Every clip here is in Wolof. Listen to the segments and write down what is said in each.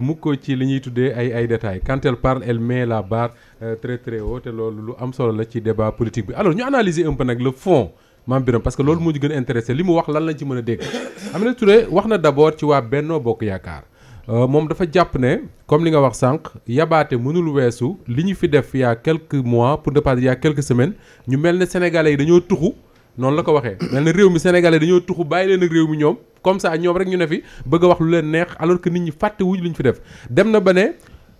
mukk ci li ñuy tuddee ay ay détails quand par parle elle met la barre euh, très très te loolu lu am solo la ci débat politique bi alors ñu analyser un peu nag le fond parce que loolu moo ñu gën a li mu wax lan lañ ci mën a dégg Aminata Touré wax na d'abord ci waa Benno Bokk Yaakaar euh, moom dafa jàpp ne comme li nga wax sànq yabaate mënul weesu li ñu fi def il y a mois pour ne pas dire il y ñu mel ne sénégalais yi dañoo tuxu noonu la ko waxee mel na réew mi sénégalais dañoo tuxu bàyyi leen ak réew mi ñoom comme ça ñoom rek ñu ne fi bëgg a wax lu leen neex alors que nit ñi fàtte wuñ lu ñu fi def dem na ba ne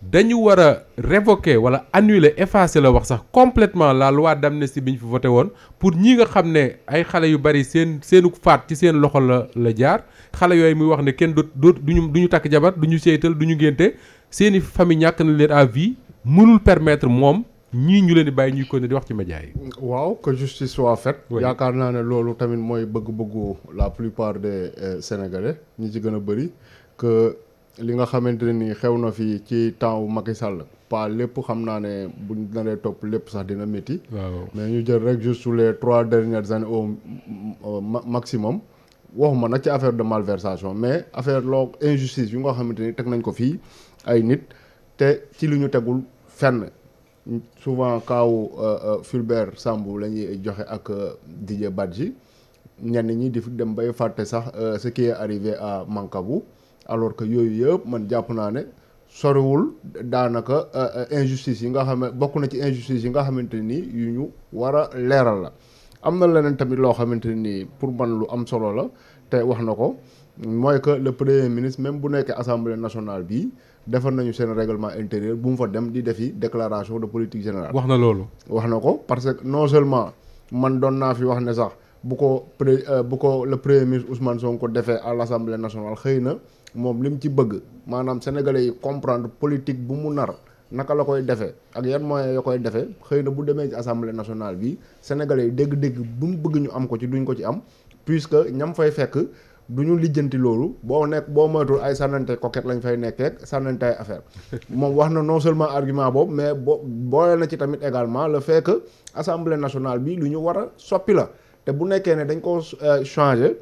dañu war a révoquer wala annuler effacer la wax sax complètement la loi d'amnistie bi ñu fi voté woon pour ñii nga xam ne ay xale yu bari seen seenu faat ci seen loxo la la jaar xale yooyu muy wax ne kenn du doot duñu duñu takk jabar duñu seytal duñu ngénte seeni famille ñàkk na leen à vie permettre moom ñii ñu leen di bàyyi ñu ko ne di wax ci média yi. waaw que justice soit faite. yaakaar naa ne loolu tamit mooy bëgg-bëggu la plupart de euh, sénégalais ñi ci gën a bëri que li nga xamante ne ni xew na fi ci temps wu Macky Sall. pas lépp xam naa ne buñ naree topp lépp sax dina métti. waaw mais ñu jël rek juste les trois dernières années au maximum. waxuma nag ci affaire de malversation mais affaire loo injustice yu nga xamante ni teg nañ ko fii ay nit te ci li ñu tegul fenn. souvent kaawu euh, euh, Fulbert Sambou la ñuy joxe ak euh, Didier Badji ñenn ñi di dem bay fàtte sax ce qui est arrivé à Mancabou alors que yooyu yëpp man jàpp naa ne soriwul daanaka injustice yi nga xam ne bokk na ci injustice yi nga xamante nii yu ñu war a leeral la am na leneen tamit loo xamante nii pour man lu am solo la te wax na ko mooy que le premier ministre même bu nekkee assemblée nationale bi defar nañu seen réglement intérieur bu mu fa dem di defi déclaration de politique générale. wax na loolu. wax na ko parce que non seulement man doon naa fi wax ne sax bu ko pré euh, bu ko le premier ministre Ousmane Sonko defee à l' assemblée nationale xëy na moom li mu ci bëgg maanaam sénégalais yi comprendre politique bu mu nar naka la koy defee ak yan moyens yoo koy defee xëy na bu demee ci assemblée nationale bi sénégalais yi dégg-dégg bu mu bëgg ñu am ko ci duñ ko ci am puisque ñam fay fekk. du ñu lijjanti loolu boo nekk boo moytul ay sànnante coquette lañ fay nekkee sànnante ay affaire moom wax na non seulement argument boobu mais boo boole na ci tamit également la fekk que assemblée nationale bi lu ñu war a soppi la te bu nekkee ne dañ ko euh, changer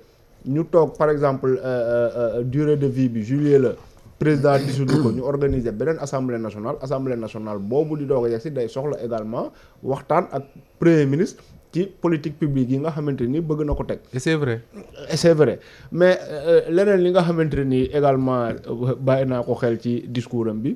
ñu toog par exemple euh, euh, durée de vie bi juillet la président dissoudre ko ñu organiser beneen assemblée nationale assemblée nationale boobu di doog a yegsi day soxla également waxtaan ak premier ministre ci politique publique yi nga xamante ni bëgg na ko teg. et c'est vrai. et c'est vrai mais euh, leneen li nga xamante nii également euh, bàyyi naa ko xel ci discours bi.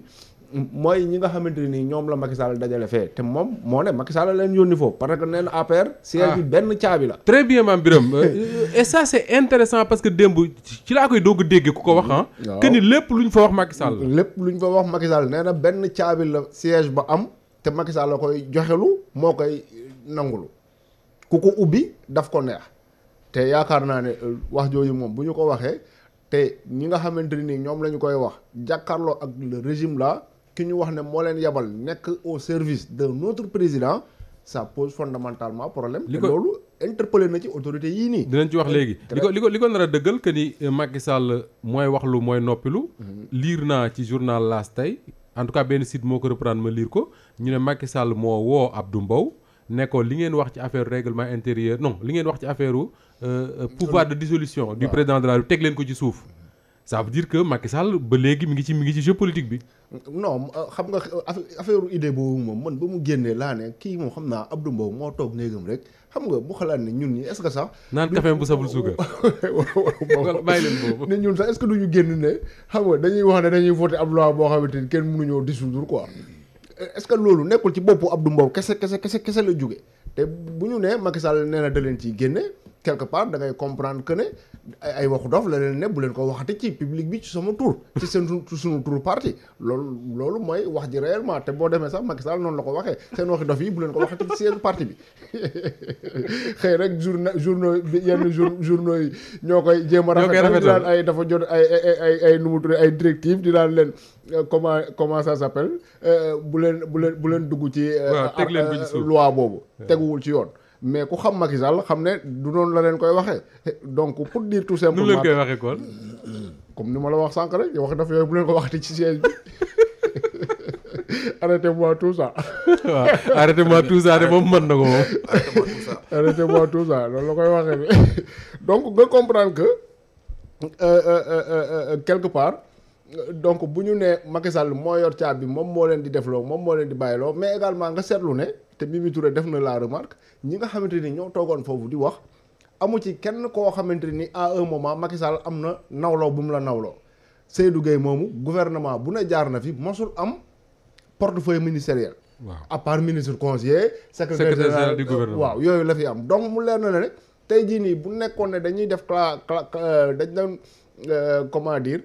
mooy ñi nga xamante nii ñoom la Macky dajale fee te moom moo ne Macky Sall leen yónni foofu parce que nee na APR siège bi ah. benn caabi la très bien maam Birame euh, et ça c' intéressant parce que démb ci laa koy doog déggee ku ko wax ah que lépp lu ñu fa wax Macky Sall lépp lu ñu fa wax Macky Sall benn caabi la siège ba am te Macky la koy joxelu moo koy nangulu ku ko ubbi daf ko neex te yaakaar naa ne euh, wax jooju moom bu ñu ko waxee te ñi nga xamante nii ñoom la ñu koy wax jàkkaarloo ak le régime là ki ñu wax ne moo leen yebal nekk au service de notre président ça pose fondamentalement problème. li ko loolu interpellé na ci autorité yii nii. dinañ ci wax léegi li ko li ko li ko nar a dëggal que ni euh, Macky Sall mooy wax lu mooy noppilu. Mhm. liir naa ci journal laas tey en tout cas benn site moo ko reprendre ma liir ko ñu ne Macky Sall moo woo Abdou Mbow. ne li ngeen wax ci affaire règlement intérieur non li ngeen wax ci affaire u euh, euh, pouvoir de dissolution du président de la République teg leen ko ci suuf ça veut que Macky Sall ba léegi mi ngi ci mi ngi ci jeu politique bi non xam nga affaire idée boobu moom mën ba mu génnee laa ne kii moom xam naa ab Abdou Mbow moo toog néegam rek xam nga mu xalaat ne ñun ñi est-ce que sax naan café bu sabul suukar bàyyi leen boobu ne ñun sax est-ce que génn ne xam nga dañuy wax ne dañuy voté ab loi xamante ni kenn mënuñoo dissoudre quoi est-ce que loolu nekkul ci boppu Abdou Mbow kese kese kese kese la jóge te bu ñu nee Macky Sall nee na da leen ciy génne quelque part da ngay comprendre que ne ay waxu dof la leen ne bu leen ko waxati ci public bi ci sama tur ci seen suñu tur parti loolu loolu mooy wax ji réellement te boo demee sax Macky Sall noonu la ko waxee seen waxi dof yi bu leen ko waxati ci seen parti bi xëy rek journa journaux jour journaux yi ñoo koy jéem a rafetal di daan ay dafa jot ay ay ay nu mu tudd ay directives di daan leen euh, comment comment ça s'appelle euh, bu leen bu leen bu leen dugg ci euh, loi boobu teguwul ci yoon mais ku xam Macky Sall xam ne du noonu la leen koy waxee donc pour dire tout simplement. nu leen koy waxee comme ni ma la wax sànq rek wax dafa yooyu bu leen ko wax waxati ci siège bi. arrêtez-moi tout ça. waaw arrêtez-moi tout ça moom mën na ko moom. arrêtez-moi tout ça loolu la koy waxee bi donc nga comprendre que euh, euh, euh, quelque part donc bu ñu nee Macky Sall moo yor caabi bi moom moo leen di defloo moom moo leen di bàyyiloo mais également nga seetlu ne. te Mimi Touré def na la remarque ñi nga xamante ni ñoo toogoon foofu di wax amu ci kenn koo xamante ni à un moment Macky am na nawloo bu mu la nawloo Seydou Gueye moomu gouvernement bu ne jaar na fi mosul am portefeuille ministériel. waaw à part ministre conseiller. secrétaire général du euh, waaw yooyu la fi am donc mu leer na ne tey jii nii bu nekkoon ne dañuy def cla euh, dañ doon euh, comment dire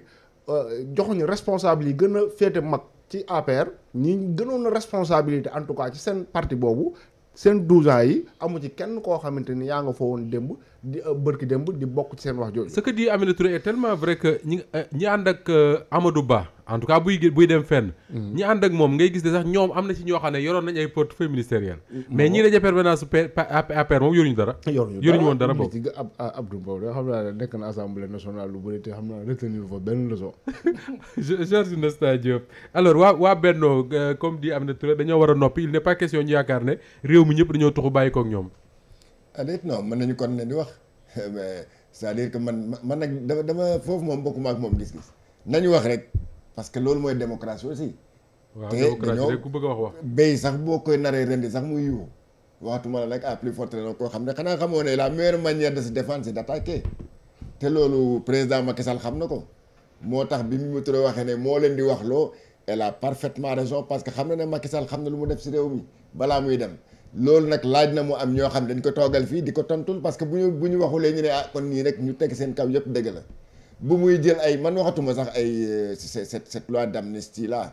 joxuñu responsable yi gën a féete mag ci APR. ñi gënoon responsabilité en tout cas ci seen parti boobu seen 12 yi amu ci kenn koo xamante ni yaa nga fa woon démb di euh, bërki démb di bokk ci seen wax jooju. ce que dit Aminata Touré est tellement vrai que ñi euh, ñi ànd ak euh, amadu Ba. en tout cas buy buy dem fenn. Mm. ñi ànd ak moom ngay gis ne sax ñoom am na ci ñoo xam ne yoroon nañ ay portefeuille ministériel. Mm. mais ñii daje permanence su woon dara boobu yoruñu ab Abdou Mbow de xam naa nekk na assemblée waa waa Benno euh, comme dit Aminata Touré dañoo a noppi il n'est pas question ñu yaakaar ne réew ñoom. ah déet nañu kon ne wax que man man nag dama dama foofu moom bokkuma ak moom gis-gis nañu wax rek parce que loolu mooy démocratie aussi. waaw démocratie rek ku bëgg a wax wax béy sax boo koy naree rendi sax muy yiw waxtuma la nag à plus forte raison koo xam ne xanaa xamoo ne la meilleure manière de se défendre c'est d'attaquer te loolu président Macky Sall xam na ko moo tax bi mu turee waxee ne moo leen di wax loo elle a parfaitement raison que xam na ne Macky Sall xam na lu mu def si réew mi balaa muy dem loolu nag laaj na mu am ñoo xam dañ ko toogal fii di ko tontul parce que bu ñu bu ñu waxulee ñu ne ah kon nii rek ñu teg seen kaw yëpp dëgg la. bu muy jël ay man waxatuma sax ay euh, cette cette loi d'amnistie la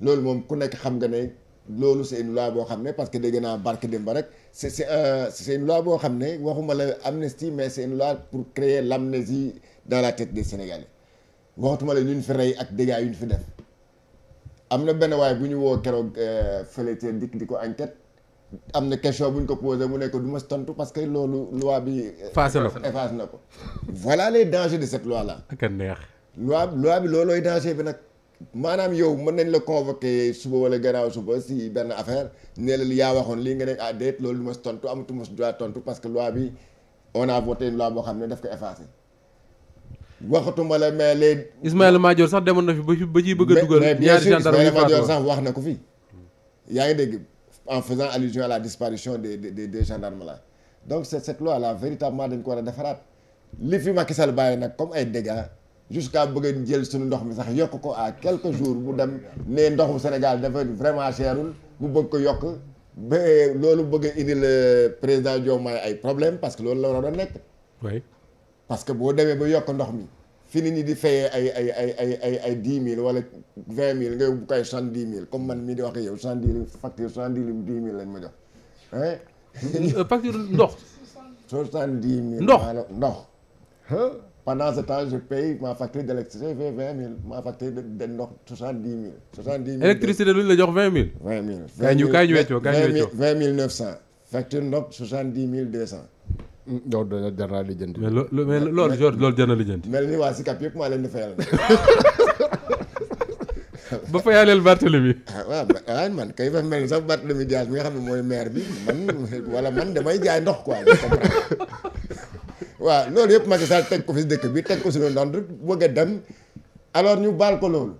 loolu moom ku nekk xam nga ne loolu c'est une boo xam ne parce que dégg naa barke Demba rek c'est c'est euh, boo xam ne waxuma la amnistie mais c'est une pour créer l'amnésie dans la tête des Sénégalais waxatuma la ñun fi rey ak dégâts yu ñu fi def am na benn waay bu ñu woo keroog euh, fële ca dikk di ko enquête. am na question bu ñu ko posé mu nekk ko du tontu parce que loolu loi bi. Euh, effacé na ko effacé na ko. voilà les dangers de cette loi là. ak neex. loolooy danger bi nag maanaam yow mën nañ la convoqué suba wala gannaaw suba si benn affaire ne la yaa waxoon lii nga ne ah déet ma tontu amatu ma droit tontu parce que loi bi on a voté une xam ne daf ko effacé. waxatuma la mais léegi. Ismaïla Madior sax a dugal. ñaari gendarme yi mais bien na ko fi yaa ngi dégg. en faisant allusion à la disparition des de des gendarmes là donc c'est cette loi là véritablement dañ ko war a defaraat li fi Macky Sall bàyyi nag comme ay dégâts jusqu'à bëgg jël suñu ndox mi sax yokk ko à quelques jours bu dem ne ndoxu Sénégal dafa vraiment cherul bu bëgg ko yokk ba loolu bëgg a indil président Diomaye ay problème parce que loolu la war a nekk. parce que boo demee ba yokk ndox mi. fi ni ñi di fayee ay ay ay ay ay ay dix mille wala vingt mil nga yóbbu ay cent dix mille comme man mii di wax ak yow cent dix mille facture cent dix mille euh, ndox. soixante ndox ndox. pendant ce temps je paye facture d' électricité fait vingt mille ma facture de ndox soixante dix mille. soixante dix mille électricité lu ñu la jox vingt mille. vingt mille kaay ñu kaay ñu weccoo kaay ñu weccoo vingt mille neuf cent. facture ndox soixante cent. loolu jar naa lijjanti. mais loo mais loolu George loolu jar na lijjanti. mel ni waa Sicap yëpp maa leen di fayal. ba fayaleel ah, ah, man kay fa mel ni sax Barthélemy Dias mi nga xam ne mooy maire bi man wala man damay jaay ndox quoi. waaw loolu yëpp Macky Sall teg ko fi dëkk bi teg ko suñu ndond bëgg a dem alors ñu baal ko loolu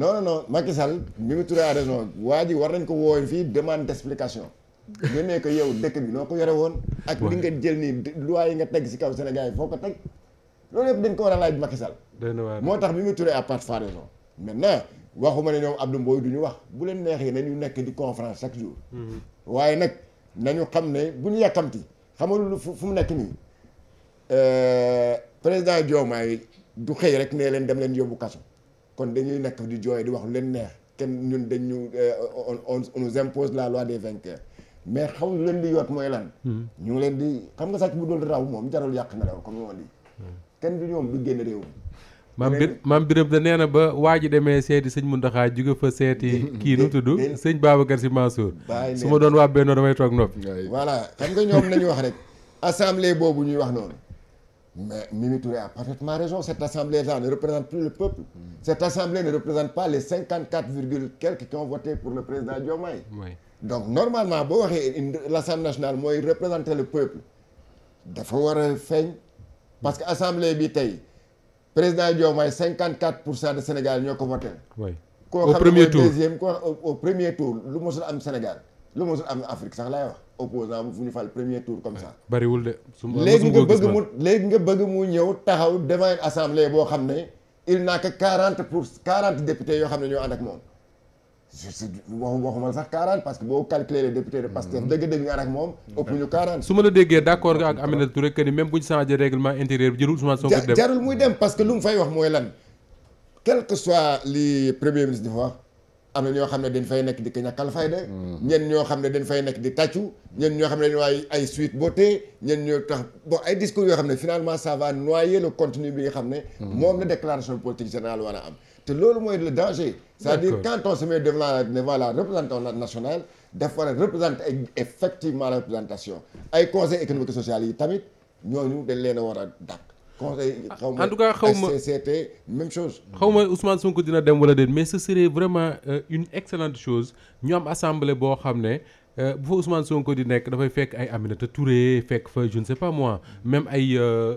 non non Macky Sall mi mu turee à raison waa ji war nañ ko woowe fii demande d' explication. nga ne ko yow dëkk bi noo ko yore woon. ak li jël nii loi yi nga teg si kaw Sénégal yi foo ko teg. loolu yëpp dañ ko war a laaj Macky Sall. moo tax bi mu turee à part fa raison maintenant waxuma ne ñoom Abdou Mboy du ñu wax bu leen neexee nañu nekk di conférence chaque jour. Mm-hmm. waaye nag nañu xam ne bu ñu yàkkamti xamal lu fu mu nekk nii euh, président Diomaye du xëy rek nee leen dem leen yóbbu kaso kon dañuy nekk di jooy di wax lu leen neex kenn ñun dañu euh, on on nous impose la loi des vainqueurs. mais xaw xamuñu leen di yoot mooy lan. Hmm. ñu ngi leen di xam nga sàcc bu doon raw moom jarul yàq na raw comme ni ma di. kenn du ñoom du maam bir maam da nee na ba waa ji demee seeti sëñ Mountakha jóge fa seeti. kii nu tudd sëñ Babacar Sy Mansour. su ma doon waa Benno damay toog noppi. voilà xam nga ñoom nañu wax rek. assemblée boobu ñuy wax noonu. mais Mimi Touré a parfaitement raison cette assemblée ne représente plus le peuple. Hmm. cette assemblée ne représente pas les cinquante quatre virgule donc normalement boo waxee la l'Assemblée nationale mooy représenter le peuple dafa war a feeñ parce que assemblée bi tey président Diomaye cinquante quatre pour cent de Sénégal ñoo ko voté. oui au premier tour koo xam ne deuxième koo au premier tour lu mosul am am Afrique sax laay wax opposant bu fal premier tour comme ça. bariwul de su léegi nga bëgg mu léegi nga bëgg mu ñëw taxaw devant une assemblée boo xam ne il n'a que quarante pour quarante députés yoo xam ne ñoo ànd ak moom. waxuma sax 40 parce que boo calculer les de Pastef mhm. dëgg-dëgg nga moom mhm. ëpp ñu 40 su ma la déggee d' accord nga ak Aminata Touré que ni même bu ñu changé règlement intérieur bi jarul muy dem parce que lu mu fay wax mooy lan quel soit li premier ministre di fa wax am na ñoo xam ne dañ fay nekk di ko ñàkkal fayda mhm. ñen ñoo xam ne dañ fay nekk di tàccu ñen ñoo xam ne dañ waay ay suite beauté ñen ñoo yoo xam ne finalement ça va noyer le bi nga xam ne moom la a am loolu mooy le c'est-à-dire quand on se met devant devant la représentation nationale dafa war a représenter effectivement la représentation ay conseil économique et social yi tamit ñu dañ leen a war a dàq conseil ah, xaw ma en tout cas xaw ma CCT même chose xaw ma Ousmane Sonko dina dem wala déet mais ce serait vraiment euh, une excellente chose ñu am assemblée boo xam ne euh, bu fa Ousmane Sonko di nekk dafay fekk ay Aminata Touré fekk fa je ne sais pas moi même ay euh,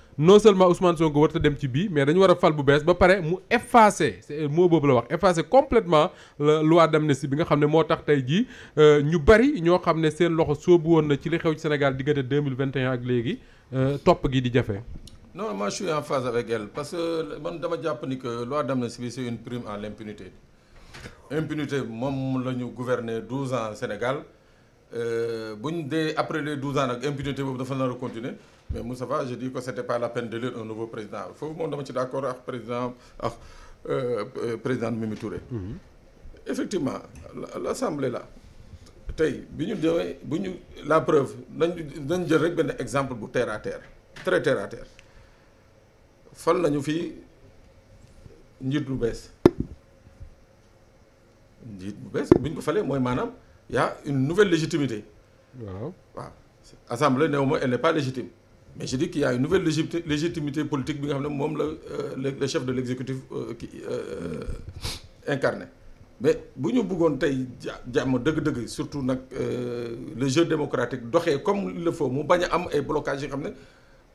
non seulement Ousmane Sonko warta dem ci bii mais dañu war a fal bu bees ba pare mu effacer c'est boobu la wax effacer complètement la loi d'amnistie bi nga xam ne moo tax tey jii euh, ñu bari ñoo xam ne seen loxo sóobu woon na ci li xew ci Sénégal diggante 2021 ak léegi euh, topp gi di jafe. non moi je en phase avec elle parce que euh, man dama jàpp ni que loi d'amnistie bi c'est une en à l'impunité impunité moom la ñu gouverner 12 ans Sénégal buñ dee après les 12 ans nag impunité boobu dafa nar a mais Moustapha je dis que c'était pas la peine de lire un nouveau président foofu moom dama ci d'accord ak président ak euh, euh, président Mimi Touré. Mhm. effectivement l'assemblée la tey bi ñu demee bu ñu la preuve nañu nañ jël rek benn exemple bu terre à terre très terre à terre fal nañu fii njiit lu bees njiit bu bees bu ñu ko falee mooy maanaam y a une nouvelle légitimité waaw waaw assemblée néanmoins elle n'est pas légitime mais je dis qu'il y a une nouvelle légitimité politique bi nga xam ne moom la euh, le chef de l'exécutif euh, qui euh, mais bu ñu bëggoon tey jàmm dëgg-dëgg surtout nag le jeu démocratique doxe comme le faut mu bañ a am ay blocages yi xam ne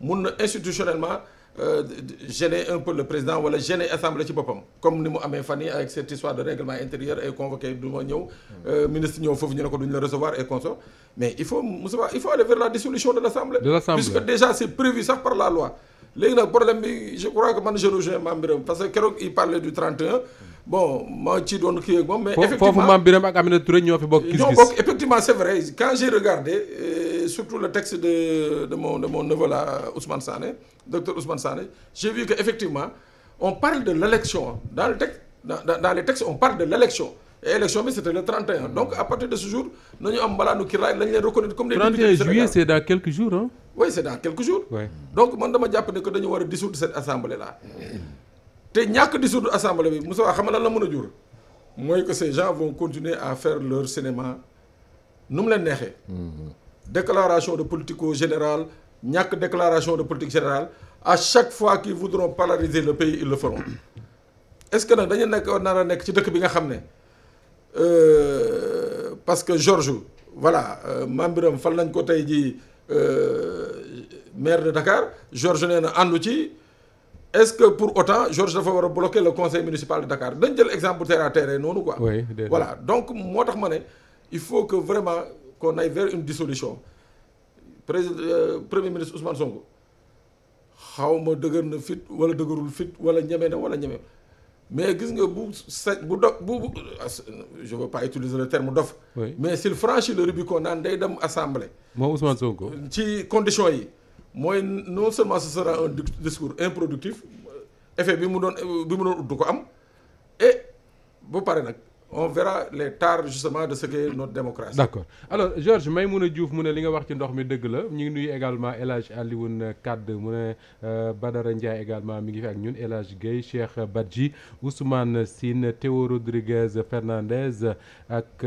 mun na institutionnellement Euh, gêner un peu le président wala gêner assemblée ci boppam comme ni mu amee fan avec cette histoire de règlement intérieur ay convoqué du ma ñëw euh, ministre ñëw foofu ñu ne ko duñ et consort mais il faut Moustapha il faut aller vers la dissolution de l'assemblée puisque déjà c'est prévu sax par la loi léegi problème bi je crois que man je rejoins Mame Birame parce que keroog il parlait du 31 bon ma ci doon kii ak moom. mais effectivement foofu maam Birame ak Aminata Touré ñoo fi bokk. gis-gis effectivement c' est quand j'ai regardé euh, surtout le texte de de mon de mon neveu là Ousmane Sané docteur Ousmane Sané j'ai vu que effectivement on parle de l' élection dans le texte dans dans les on parle de l' élection et élection bi c' était hmm. donc à partir de ce jour nañu am mbalaanu kiraay lañ leen reconnaître comme les députés du Sénégal 31 dans quelques jours te ñàkk dissoudre assemblée bi Moussa xam nga lan la mën a jur mooy que ces gens vont continuer à faire leur cinéma nu mu leen neexee. Mm-hmm. déclaration de politico générale ñàkk déclaration de politique générale a chaque fois qu'ils voudront polariser le pays ils le feront est-ce que nag dañu nekk nar a nekk ci dëkk bi nga xam ne euh, parce que Georges voilà euh, Mame Birame fal nañ ko tey ji euh, maire de Dakar Georges nee na àndu ci. est-ce que pour autant Georges dafa war a bloquer le conseil municipal de Dakar dañ jël exemple terre à terre noonu quoi. oui voilà donc moo tax ma ne il faut que vraiment qu'on aille vers une dissolution président euh, premier ministre Ousmane Sonko xaw ma dëgër na fit wala dëgërul fit wala ñeme na wala ñeme mais gis nga bu sa bu do bu je veux pas utiliser le terme dof. mais s'il franchit le Rubicon naan day dem assemblée. moom Ousmane Sonko. ci conditions yi. mooy non seulement ce sera un discours improductif effet bi mu doon bi du ko am et bu pare nag on verra les tares justement de ce qu'est notre démocratie. d'accord alors Georges Maïmouna Diouf mu ne li nga wax ci ndox mi dëgg la ñu ngi nuyu également El Hadj Alioune Kadd mu ne euh, Badara Ndiaye également mi ngi fi ak ñun El Hadj Guèye Cheikh Badji Ousmane Sine Théo Rodriguez Fernandez ak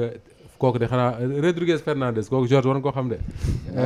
kooku de xanaa Rodriguez Fernandez kooku Georges war nga ko xam de.